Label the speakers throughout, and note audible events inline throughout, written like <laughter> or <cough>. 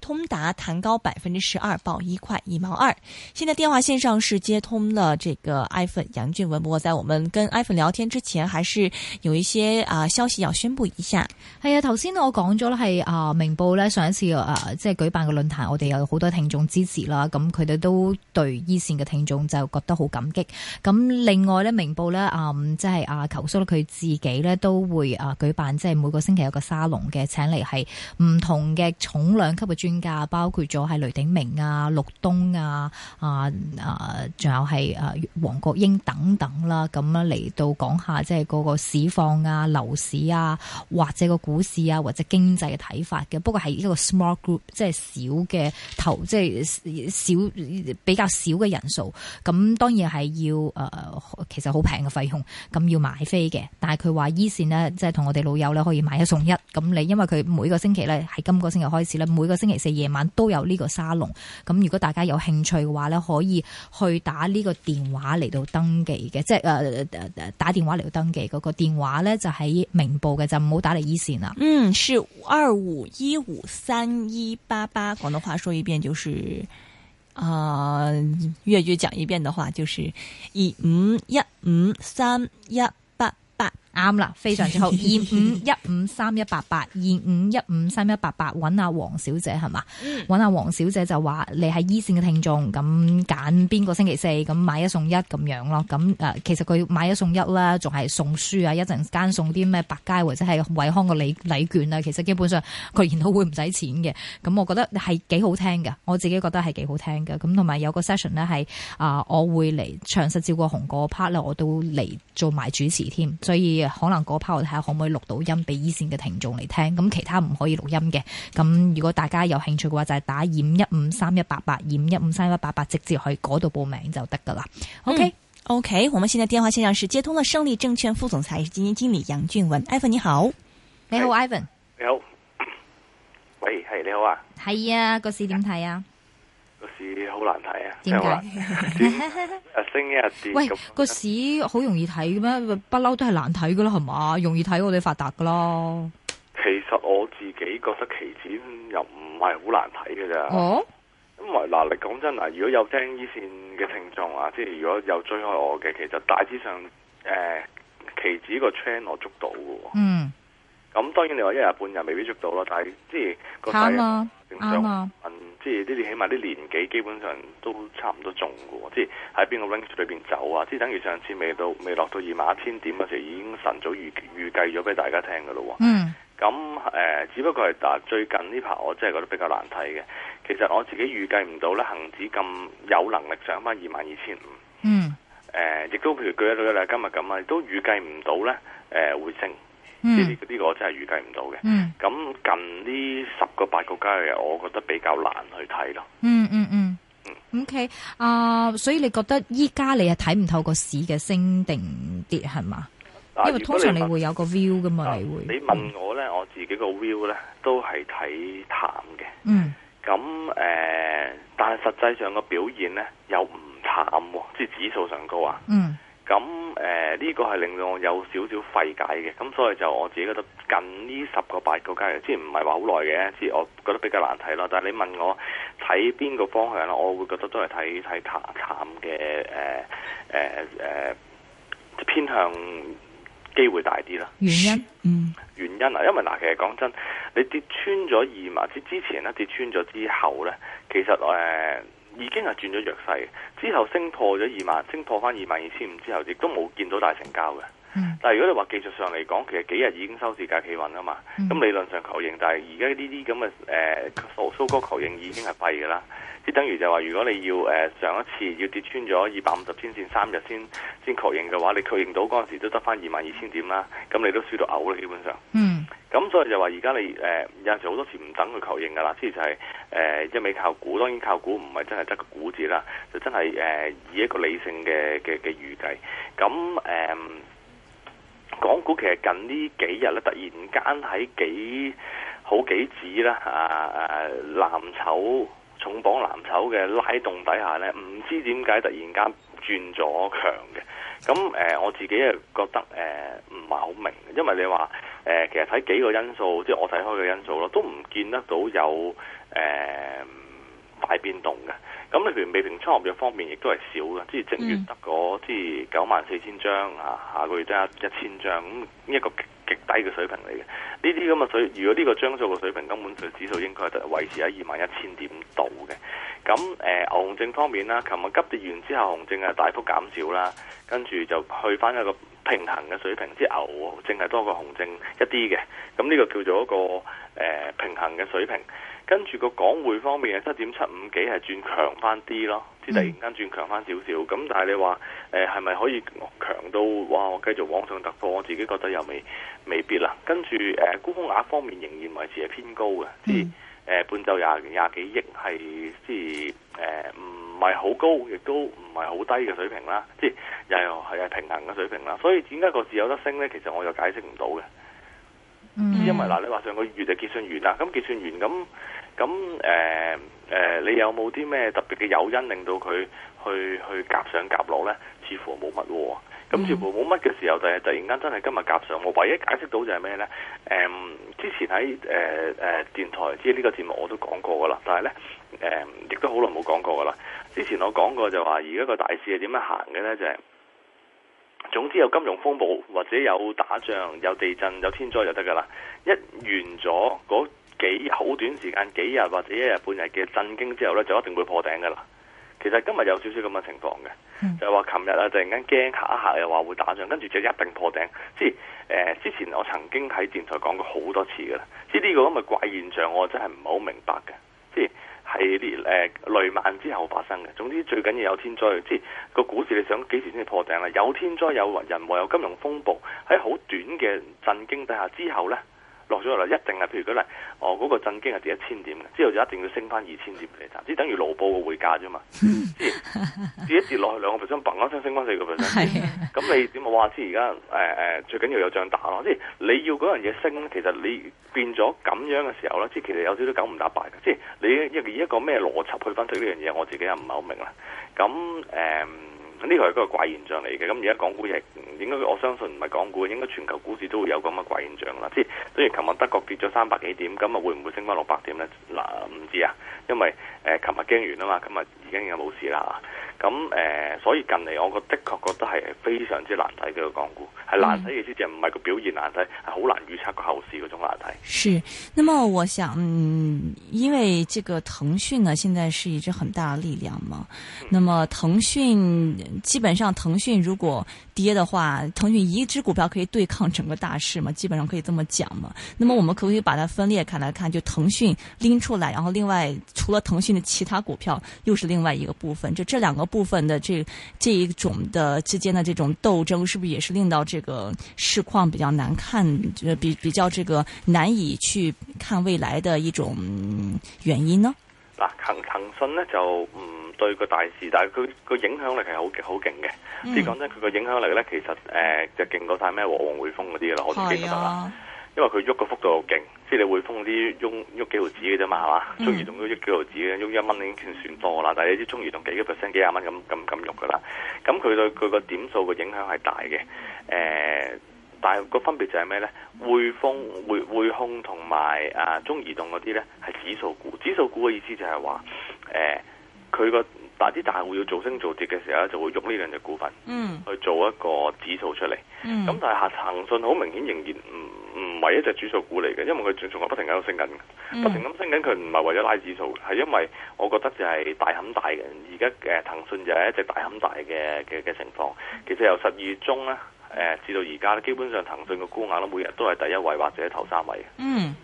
Speaker 1: 通達彈高百分之十二，報一塊一毛二。現在電話線上是接通了這個 iPhone 楊俊文。不過在我們跟 iPhone 聊天之前，還是有一些啊消息要宣布一下。係啊，頭先我講咗啦，係啊明報呢上一次啊即係，就是，舉辦
Speaker 2: 個論壇，我哋有好多聽眾支持啦，咁佢哋都對一綫嘅聽眾就覺得好感激。咁另外呢明報呢，嗯就是，啊即係啊求叔咧佢自己呢都會啊舉辦即係每個星期有個沙龍嘅，請嚟係唔同嘅重量級嘅包括咗係雷鼎明啊、陸東啊、啊啊，仲有係誒黃國英等等啦，咁啊嚟到講下即係嗰個市況啊、樓市啊，或者個股市啊，或者經濟嘅睇法嘅。不過係一個 small group，即係少嘅投，即係少比較少嘅人數。咁當然係要誒、呃，其實好平嘅費用，咁要買飛嘅。但係佢話依綫咧，即係同我哋老友咧可以買一送一。咁你因為佢每個星期咧係今個星期開始咧，每個星期。四夜晚都有呢個沙龍，咁如果大家有興趣嘅話呢，可以去打呢個電話嚟到登記嘅，即係誒、呃、打電話嚟到登記嗰個電話呢，就喺明報嘅，就唔好打嚟依線啦。嗯，
Speaker 1: 是二五一五三一八八，廣東話說一遍就是啊，粵、呃、語講一遍的話就是二五一五三一。1, 5, 1, 5, 3, 啱啦，非常之好。二五一
Speaker 2: 五三一八八，二五一五三一八八，揾阿黃小姐係嘛？揾阿黃小姐就話你係二線嘅聽眾，咁揀邊個星期四咁買一送一咁樣咯。咁誒、呃，其實佢買一送一啦，仲係送書啊，一陣間送啲咩百佳或者係惠康嘅禮禮券啊。其實基本上佢研討會唔使錢嘅，咁我覺得係幾好聽嘅，我自己覺得係幾好聽嘅。咁同埋有個 session 咧係啊，我會嚟詳細照顧紅歌 part 咧，我都嚟做埋主持添，所以。可能嗰 part 我睇下可唔可以錄到音俾一線嘅聽眾嚟聽，咁其他唔可以錄音嘅。咁如果大家有興趣嘅話，就係、是、打
Speaker 1: 二五一五三一八八，二五一五三一八八，直接去嗰度報名就得噶啦。OK，OK，okay? 嗯 okay, 我們現在電話線上是接通了。勝利證券副總裁、基金經理楊俊文，Ivan 你好，你好 Ivan，
Speaker 3: 你好，喂、hey, 係、hey, 你好啊，
Speaker 1: 係啊，
Speaker 2: 個市點睇啊？個市。
Speaker 3: 好難睇啊！點解？誒，升一日、 <laughs> 啊、喂，
Speaker 2: 個市好容易睇嘅咩？不嬲都係難睇噶咯，係嘛？容易睇我哋發達
Speaker 1: 噶咯。
Speaker 3: 其實我自己覺得期指又唔係好難睇嘅咋。哦。因為嗱、呃，你講真嗱，如果有聽呢線嘅聽眾啊，即係如果有追開我嘅，其實大致上誒期指個 trend 我捉到噶。嗯。咁當然你話一日半日未必捉到咯，但係即係個啊即係呢啲起碼啲年紀基本上都差唔多中嘅喎，即係喺邊個 range 裏邊走啊！即、就、係、是、等於上次未到未落到二萬一千點嗰時候，已經晨早預預計咗俾大家聽嘅咯。嗯。咁、呃、誒，只不過係嗱，最近呢排我真係覺得比較難睇嘅。其實我自己預計唔到咧，恒指咁有能力上翻二萬二千五。嗯、呃。誒，亦都譬如舉一例啦，今日咁啊，都預計唔到咧誒回升。呃呢啲呢真係預計唔到嘅，咁、嗯、近呢十個八個交易日嘅，我覺得比較難去睇咯。嗯嗯嗯，
Speaker 2: 嗯。O.K. 啊、uh，所以你覺得依家你係睇唔透個市嘅升定跌係嘛
Speaker 3: 啊？因為通常你會
Speaker 2: 有個 view 噶嘛，你
Speaker 3: 會。你問我咧，嗯，我自己個 view 咧都係睇淡嘅。嗯。咁誒，uh, 但係實際上個表現咧又唔淡，即係指數上高啊。嗯。咁誒呢個係令到我有少少費解嘅，咁所以就我自己覺得近呢十個八個交易，之前唔係話好耐嘅，即係我覺得比較難睇啦。但你問我睇邊個方向咧，我會覺得都係睇睇淡嘅誒誒偏向機會大啲啦。原因，嗯原因啊，因為嗱其實講真，你跌穿咗二萬之之前咧，跌穿咗之後咧，其實誒。呃已經係轉咗弱勢，之後升破咗二萬，升破翻二萬二千五之後，亦都冇見到大成交嘅、嗯。但如果你話技術上嚟講，其實幾日已經收市價企穩啦嘛，咁、嗯、理論上確認，但係而家呢啲咁嘅誒收高求確認已經係弊嘅啦，即等於就話如果你要、呃、上一次要跌穿咗二百五十天線三日先先確認嘅話，你確認到嗰陣時都得翻二萬二千點啦，咁你都輸到嘔啦基本上。嗯咁所以就話而家你誒、呃，有陣時好多時唔等佢求認噶啦，即係誒一味靠估，當然靠估唔係真係得個估字啦，就真係誒、呃、以一個理性嘅嘅嘅預計。咁誒、呃，港股其實近幾呢幾日咧，突然間喺幾好幾指啦、啊、吓、啊、誒藍籌。重磅藍籌嘅拉動底下咧，唔知點解突然間轉咗強嘅。咁誒、呃，我自己係覺得誒唔係好明，因為你話誒、呃，其實睇幾個因素，即係我睇開嘅因素咯，都唔見得到有誒、呃、大變動嘅。咁你譬如未平倉合約方面，亦都係少嘅，即係正月得嗰，即係九萬四千張啊，下個月得一千張，咁一個。極低嘅水平嚟嘅，呢啲咁嘅水，如果呢個張數嘅水平，根本上指數應該係維持喺二萬一千點度嘅。咁誒、呃，牛熊證方面啦，琴日急跌完之後，熊證啊大幅減少啦，跟住就去翻一個。平衡嘅水平，即牛淨係多過紅證一啲嘅，咁呢個叫做一個誒、呃、平衡嘅水平。跟住個港匯方面係七點七五幾係轉強翻啲咯，
Speaker 2: 即突然間
Speaker 3: 轉強翻少少。咁但係你話誒係咪可以強到哇？我繼續往上突破，我自己覺得又未未必啦。跟住誒沽空額方面仍然維持係偏高嘅，即誒、呃、半晝廿廿幾億係即誒唔。呃唔係好高，亦都唔係好低嘅水平啦，即係又係係平衡嘅水平啦。所以點解個字有得升呢？其實我又解釋唔到嘅。因為嗱，你話上個月就結算完啦，咁結算完咁咁誒誒，你有冇啲咩特別嘅誘因令到佢去去夾上夾落呢？似乎冇乜喎。咁全部冇乜嘅時候，就係突然間真係今日夾上。我唯一解釋到就係咩呢？誒、嗯，之前喺誒誒電台即係呢個節目我都講過噶啦，但係呢，誒、呃、亦都好耐冇講過噶啦。之前我講過就話，而家個大市係點樣行嘅呢？就係、是、總之有金融風暴或者有打仗、有地震、有天災就得噶啦。一完咗嗰幾好短時間幾日或者一日半日嘅震驚之後呢，就一定會破頂噶啦。其實今日有少少咁嘅情況嘅，嗯，就話琴日啊，突然間驚嚇一下，又話會打仗，跟住就一定破頂。即係誒、呃，之前我曾經喺電台講過好多次噶啦。即係呢個咁嘅怪現象，我真係唔係好明白嘅。即係係啲誒雷曼之後發生嘅。總之最緊要有天災，即係個股市你想幾時先至破頂啊？有天災有云人禍、有金融風暴喺好短嘅震驚底下之後呢。落咗落嚟，一定係，譬如嗰嚟，哦嗰、嗰個震驚係跌一千點嘅，之後就一定要升翻二千點俾你賺，即係等於盧布嘅匯價啫嘛。即 <laughs> 係跌一跌落去兩個 percent，嘣一聲升翻四個 percent。咁 <laughs> 你點啊？哇！即係而家誒誒，最緊要有仗打咯。即係你要嗰樣嘢升，其實你變咗咁樣嘅時候咧，即係其實有少少九唔搭八嘅。即係你以一以個咩邏輯去分析呢樣嘢，我自己又唔係好明啦。咁誒。嗯呢個係一個怪、怪現象嚟嘅，咁而家港股亦應該我相信唔係港股，應該全球股市都會有咁嘅怪、怪現象啦。即係當然琴日德國跌咗三百幾點，咁啊會唔會升翻六百點咧？嗱唔知啊，因為誒琴日驚完啦嘛，今日已經有冇事啦。咁誒、呃，所以近嚟我覺的確覺得係非常之難睇嘅個港股，係難睇嘅意思，唔係個表現難睇，係、嗯、好難預測個後市種難睇，
Speaker 1: 是，那麼我想，嗯，因為這個騰訊呢，現在是一支很大的力量嘛。嗯、那麼騰訊基本上騰訊如果跌的話，騰訊一支股票可以對抗整個大市嘛？基本上可以這麼講嘛。那麼我們可不可以把它分裂開來看？就騰訊拎出來，然後另外除了騰訊的其他股票又是另外一個部分，就這兩個。部分的這這一種的之間的這種鬥爭，是不是也是令到這個市況比較難看，比比較這個難以去看未來的一種原因呢？
Speaker 3: 嗱、啊，騰騰訊咧就唔對個大市，但係佢個影響力係好好勁嘅。嗯，即係講真的，佢個影響力咧，其實誒、呃、就勁過晒咩和黃匯豐嗰啲啦，我都記得啦。因為佢喐個幅度好勁，即你匯豐啲喐喐幾毫子嘅啫嘛，係嘛？Mm -hmm. 中移動都喐幾毫子嘅，喐一蚊已經算算多啦。但係你啲中移動幾個 percent 幾廿蚊咁咁咁喐噶啦，咁佢對佢個點數嘅影響係大嘅。誒、呃，但係個分別就係咩咧？匯豐、匯匯，匯控同埋啊中移動嗰啲咧係指數股，指數股嘅意思就係話誒佢個。呃他的但啲大戶要做升做跌嘅時候咧，就會用呢兩隻股份，嗯，去做一個指數出嚟。嗯，咁但係騰訊好明顯仍然唔唔係一隻指數股嚟嘅，因為佢仲係不停喺度升緊、嗯，不停咁升緊，佢唔係為咗拉指數，係因為我覺得就係大很大嘅。而家嘅騰訊就係一隻大很大嘅嘅嘅情況。其實由十二月中咧、呃、至到而家咧，基本上騰訊嘅高額每日都係第一位或者頭三位。嗯。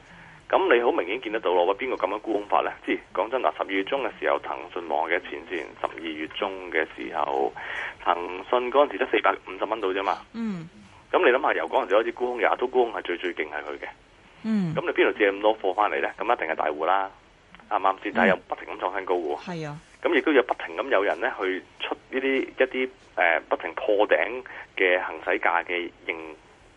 Speaker 3: 咁你好明顯見得到咯，邊個咁樣沽空法咧？知講真嗱，十二月中嘅時候，騰訊網嘅前線。十二月中嘅時候，騰訊嗰陣時得四百五十蚊到啫嘛。嗯。咁你諗下，由嗰陣時開始沽空，亞都沽空係最最勁係佢嘅。嗯。咁你邊度借咁多貨翻嚟咧？咁一定係大戶啦。啱唔啱先？但係又不停咁創新高喎。係、嗯、啊。咁亦都要不停咁有人咧去出呢啲一啲誒、呃、不停破頂嘅行使價嘅認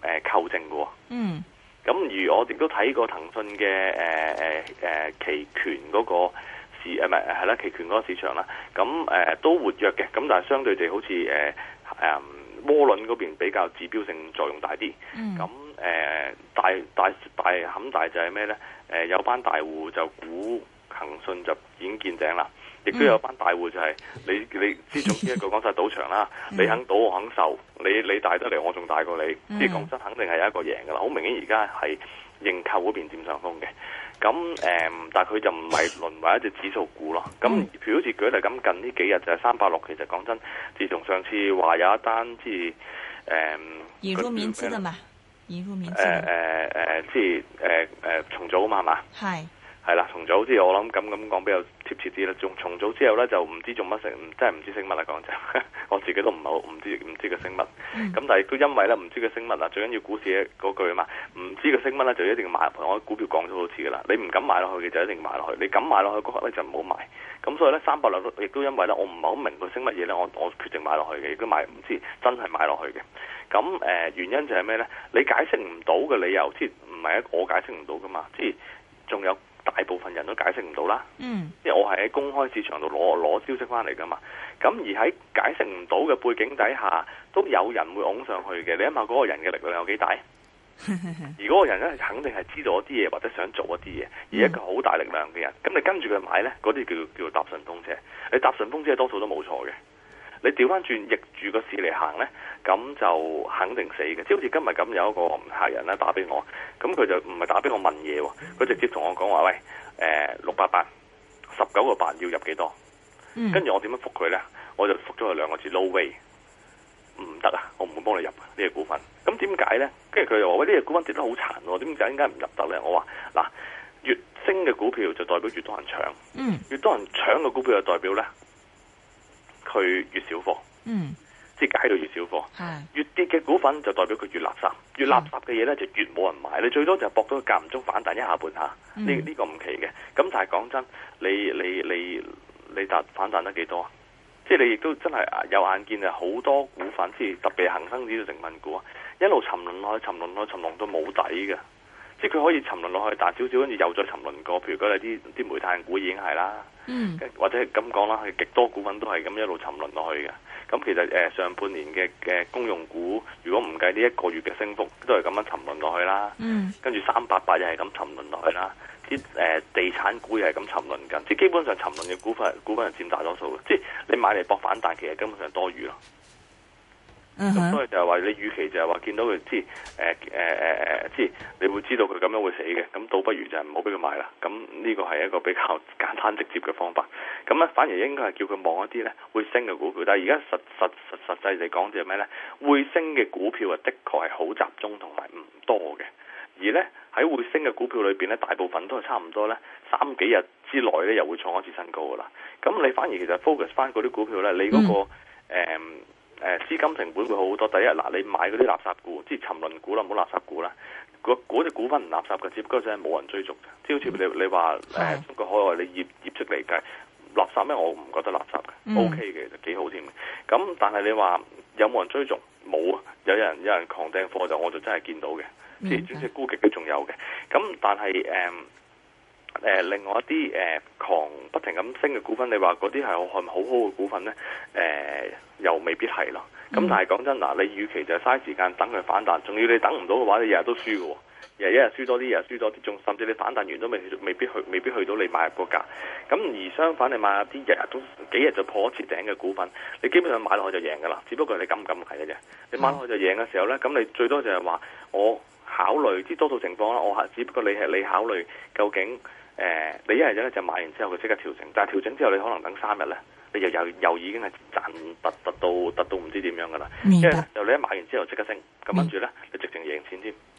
Speaker 3: 誒購證嘅喎。嗯。咁、嗯、而我亦都睇過騰訊嘅誒誒誒期權嗰個市，誒唔係啦，期權嗰個市場啦，咁、呃、誒都活躍嘅，咁但係相對地好似誒誒窩輪嗰邊比較指標性作用大啲，咁、嗯、誒、嗯呃、大大大很大，大就係咩咧？誒、呃、有班大戶就估騰訊就已經見頂啦。亦都有班大戶就係你、嗯、你知做呢一個講晒賭場啦、嗯，你肯賭我肯受，你你大得嚟我仲大過你，即、嗯、講真肯定係有一個贏噶啦。好明顯而家係認購嗰邊佔上風嘅，咁誒、嗯，但係佢就唔係淪為一隻指數股咯。咁譬、嗯、如好似舉例咁，近呢幾日就係三百六，360，其實講真，自從上次話有一單即誒，引入民資啊即引入民資誒誒誒，即誒誒重組啊嘛係嘛？係。係啦，重組之後我諗咁咁講比較貼切啲啦。仲重組之後咧，就唔知做乜成，真係唔知升乜啦。講真，我自己都唔好唔知唔知佢升乜。咁、mm. 但係都因為咧唔知佢升乜啦，最緊要股市嗰句啊嘛，唔知佢升乜咧就一定要買。我股票講咗好多次噶啦，你唔敢買落去嘅就一定買落去，你敢買落去嗰刻咧就唔好買。咁所以咧三百六亦都因為咧，我唔係好明佢升乜嘢咧，我我決定買落去嘅，亦都買唔知真係買落去嘅。咁誒、呃、原因就係咩咧？你解釋唔到嘅理由，即係唔係一我解釋唔到噶嘛？即係仲有。大部分人都解釋唔到啦，因為我係喺公開市場度攞攞消息返嚟㗎嘛。咁而喺解釋唔到嘅背景底下，都有人會拱上去嘅。你諗下嗰個人嘅力量有幾大？而嗰個人咧肯定係知道一啲嘢或者想做一啲嘢，而一個好大力量嘅人，咁你跟住佢買呢，嗰啲叫叫搭順風車。你搭順風車多數都冇錯嘅。你調翻轉逆住個市嚟行呢，咁就肯定死嘅。即好似今日咁有一個客人咧打畀我，咁佢就唔係打畀我問嘢喎，佢直接同我講話喂，誒六百八十九個八要入幾多？跟住我點樣覆佢呢？我就覆咗佢兩個字：No way，唔得啊！我唔會幫你入呢隻股份。咁點解呢？跟住佢又話：喂，呢隻股份跌得好慘喎，點解應該唔入得呢？我」我話嗱，越升嘅股票就代表越多人搶，越多人搶嘅股票就代表呢。」佢越，越少貨，嗯，即係喺度越少貨，越跌嘅股份就代表佢越垃圾，越垃圾嘅嘢呢就越冇人買，嗯，你最多就搏到佢間唔中反彈一下半一下，呢、嗯、呢、呢個唔奇嘅。咁但係講真，你你你你達反彈得幾多？即係你亦都真係有眼見啊！好多股份，即係特別恒生指數成分股啊，一路沉淪落去，沉淪落去，沉淪到冇底嘅。即係佢可以沉淪落去，但少少跟住又再沉淪過。譬如講你啲啲煤炭股已經係啦，mm. 或者係咁講啦，佢極多股份都係咁一路沉淪落去嘅。咁其實誒、呃、上半年嘅嘅公用股，如果唔計呢一個月嘅升幅，都係咁樣沉淪落去啦。Mm. 跟住三八八又係咁沉淪落去啦，啲誒、呃、地產股又係咁沉淪緊。即係基本上沉淪嘅股份，股份係佔大多數嘅。即係你買嚟博反彈，其實根本上多餘咯。咁所以就係話你，與其就係話見到佢、欸欸，知誒誒誒誒，知你會知道佢咁樣會死嘅，咁倒不如就係唔好俾佢買啦。咁呢個係一個比較簡單直接嘅方法。咁咧反而應該係叫佢望一啲咧會升嘅股票。但係而家實實實實際嚟講就係咩咧？會升嘅股票啊的確係好集中同埋唔多嘅。而咧喺會升嘅股票裏邊咧，大部分都係差唔多咧三幾日之內咧又會創一次新高噶啦。咁你反而其實 focus 翻嗰啲股票咧，你嗰、嗰個誒。嗯誒、呃、資金成本會好多，第一嗱，你買嗰啲垃圾股，即係沉淪股啦，唔好垃圾股啦。那個嗰隻股份唔垃圾嘅，只不過就係冇人追逐，即好似你你話誒，中國海外你業業績嚟計垃圾咩？我唔覺得垃圾嘅、嗯，OK 嘅，就幾好添。咁但係你話有冇人追逐？冇啊！有人有人狂掟貨就我就真係見到嘅，即係專職沽極都仲有嘅。咁但係誒。嗯誒、呃，另外一啲誒、呃、狂不停咁升嘅股份，你話嗰啲係係咪好好嘅股份呢？誒、呃，又未必係咯。咁但係講真嗱，你與其就係嘥時間等佢反彈，仲要你等唔到嘅話，你日日都輸喎，日日一日輸多啲，日日輸多啲，仲甚至你反彈完都未未必去，未必去到你買入個價。咁而相反，你買啲日日都幾日就破一次頂嘅股份，你基本上買落去就贏噶啦。只不過你敢唔敢買嘅啫？
Speaker 1: 你買落去就贏嘅
Speaker 3: 時候呢，咁你最多就係話我考慮啲多數情況啦。我只不過你係你考慮究竟。誒、呃，你一係咧就買完之後佢即刻調整，但係調整之後你可能等三日咧，你又又又已經係賺得得到得到唔知點樣㗎啦，即係由你一買完之後即刻升，咁跟住咧你直情贏錢添。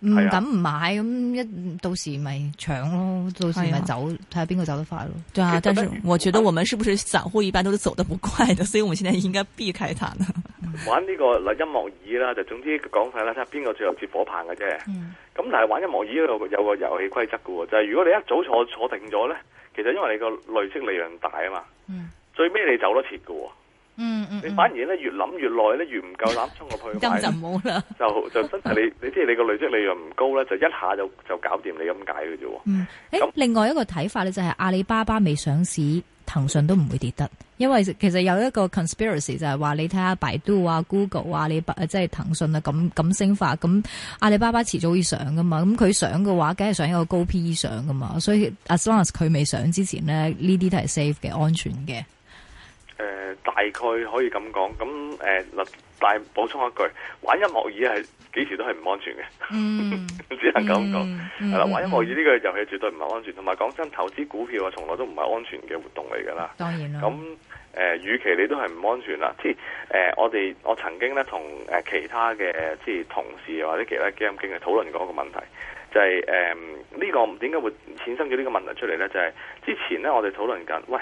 Speaker 1: 唔敢唔買，咁，啊嗯、一到時咪搶咯，
Speaker 2: 到時咪，啊、走，睇下邊個走得快咯。對啊，但是
Speaker 1: 我覺得我們是不是散戶，一般都是走得不快的，所以我們現在應該避開它呢
Speaker 3: 玩呢、呢個嗱音樂椅啦，就總之講晒啦，睇下邊個最後接火棒嘅啫。咁，嗯、但係玩音樂椅咧，有個遊戲規則嘅喎，就係、是、如果你一早坐坐定咗咧，其實因為你個累積利潤大啊嘛，嗯、最尾你走得切嘅。嗯嗯，你反而咧越諗越耐咧，越唔夠膽衝過去買咁就就，就真係你 <laughs> 你知你個累積利潤唔高咧，就一下就就搞掂你咁解嘅啫。
Speaker 2: 喎、嗯？誒，另外一個睇法咧就係阿里巴巴未上市，騰訊都唔會跌得，因為其實有一個 conspiracy 就係話你睇下百度啊、Google 啊、你即係騰訊啊咁咁升法，咁阿里巴巴遲早會上噶嘛，咁佢上嘅話梗係上一個高 PE 上噶嘛，所以 as long as 佢未上之前呢，呢啲都係 safe 嘅安全
Speaker 3: 嘅。誒、呃，大概可以咁講，咁誒嗱，但補充一句，玩音樂椅係幾時都係唔安全嘅、嗯，只能咁講。係、嗯、啦，玩音樂椅呢個遊戲絕對唔係安全，同埋講真，投資股票啊，從來都唔係安全嘅活動嚟噶啦。當然啦，咁誒，與、呃、其你都係唔安全啦。即係誒，我、呃、哋我曾經咧同誒其他嘅即係同事或者其他基金經理討論過一個問題，就係誒呢個點解會產生咗呢個問題出嚟咧？就係、是、之前咧我哋討論緊，喂。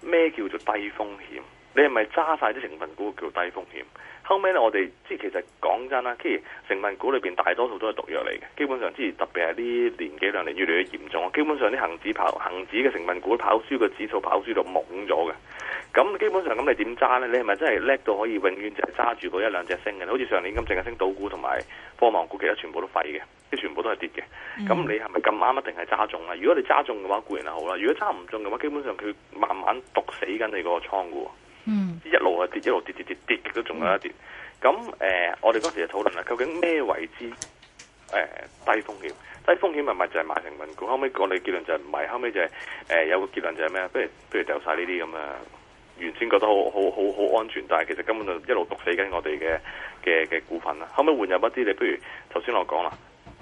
Speaker 3: 咩叫做低風險？你係咪揸晒啲成分股叫低風險？後尾咧，我哋即係其實講真啦，既然成分股裏邊大多數都係毒藥嚟嘅，基本上，即係特別係啲年幾兩年越嚟越嚴重。基本上啲恒指跑恆指嘅成分股跑輸個指數跑輸到懵咗嘅。咁基本上咁你點揸咧？你係咪真係叻到可以永遠就係揸住嗰一兩隻升嘅？好似上年咁，淨係升道股同埋科網股，其他全部都廢嘅，即全部都係跌嘅。咁、嗯、你係咪咁啱一定係揸中啊？如果你揸中嘅話，固然係好啦；如果揸唔中嘅話，基本上佢慢慢毒死緊你嗰個倉庫。嗯，一路啊跌，一路跌跌跌跌，都仲有一跌。咁、嗯、誒、呃，我哋當時就討論啦，究竟咩為之誒低風險？低風險咪咪就係買成份股。後尾講嘅結論就係唔係，後尾就係、是、誒、呃、有個結論就係咩啊？不如不如丟晒呢啲咁啊！原先覺得好好好好安全，但係其實根本就一路毒死緊我哋嘅嘅嘅股份啦。後尾換入一啲，你不如頭先我講啦，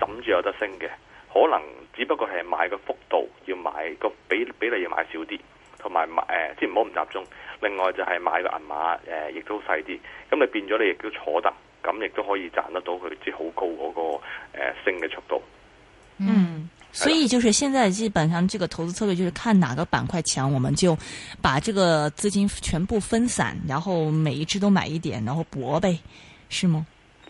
Speaker 3: 等住有得升嘅，可能只不過係買個幅度，要買個比比例，要買少啲。同埋誒，即係唔好唔集中。另外就係買個銀碼，誒、呃，亦都細啲。咁、嗯、你變咗你亦都坐得，咁亦都可以賺得到佢，即係好高嗰、那個誒升嘅速度。嗯，所以
Speaker 1: 就是現在基本上，這個投資策略就是看哪個板塊強，我們就把這個資金全部分散，然後每一支都買一點，然後博唄，是嗎？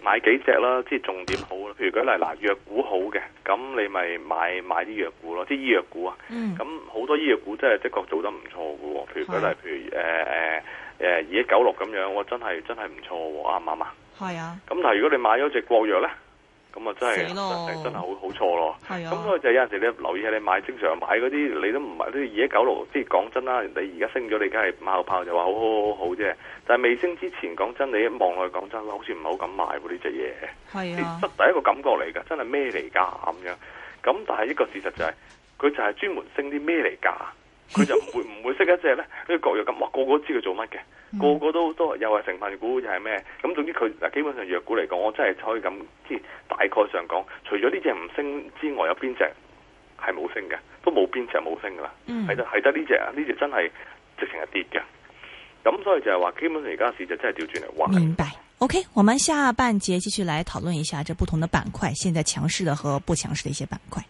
Speaker 3: 買幾隻啦，即係重點好。譬如舉例，嗱，藥股好嘅，咁你咪買買啲藥股咯，啲醫藥股啊。咁好多醫藥股真係的確做得唔錯嘅喎。譬如舉例、嗯、如誒誒誒二一九六咁樣，我真係真係唔錯喎，啱唔啱啊？係啊。咁但如，如果你買咗隻國藥咧？咁啊，真係真係好好錯咯！係啊，咁所以就有陣時你留意下，你買正常買嗰啲，你都唔買啲二一九六。即係講真啦，你而家升咗，你梗係冒炮就話好，好好好啫。但係未升之前，講真，你一望落去，講真，好似唔係好敢買喎呢隻嘢。係啊，得第一個感覺嚟㗎，真係咩嚟㗎咁樣？咁但係一個事實就係、是，佢就係專門升啲咩嚟㗎？佢就唔會唔會識一隻咧？個 <laughs> 各咁，哇個個都知佢做乜嘅？嗯、個個都都又係成分股又係咩咁？總之佢嗱，基本上弱股嚟講，我真係可以咁即係大概上講，除咗呢隻唔升之外，有邊隻係冇升嘅？都冇邊隻冇升噶啦，係得係得呢隻啊！呢隻真係直情係跌嘅。咁、嗯、所以就係話，基本上而家市就真係掉轉嚟玩。明
Speaker 1: 白？OK，我們下半節繼續來討論一下這不同的板塊，現在強勢的和不強勢的一些板塊。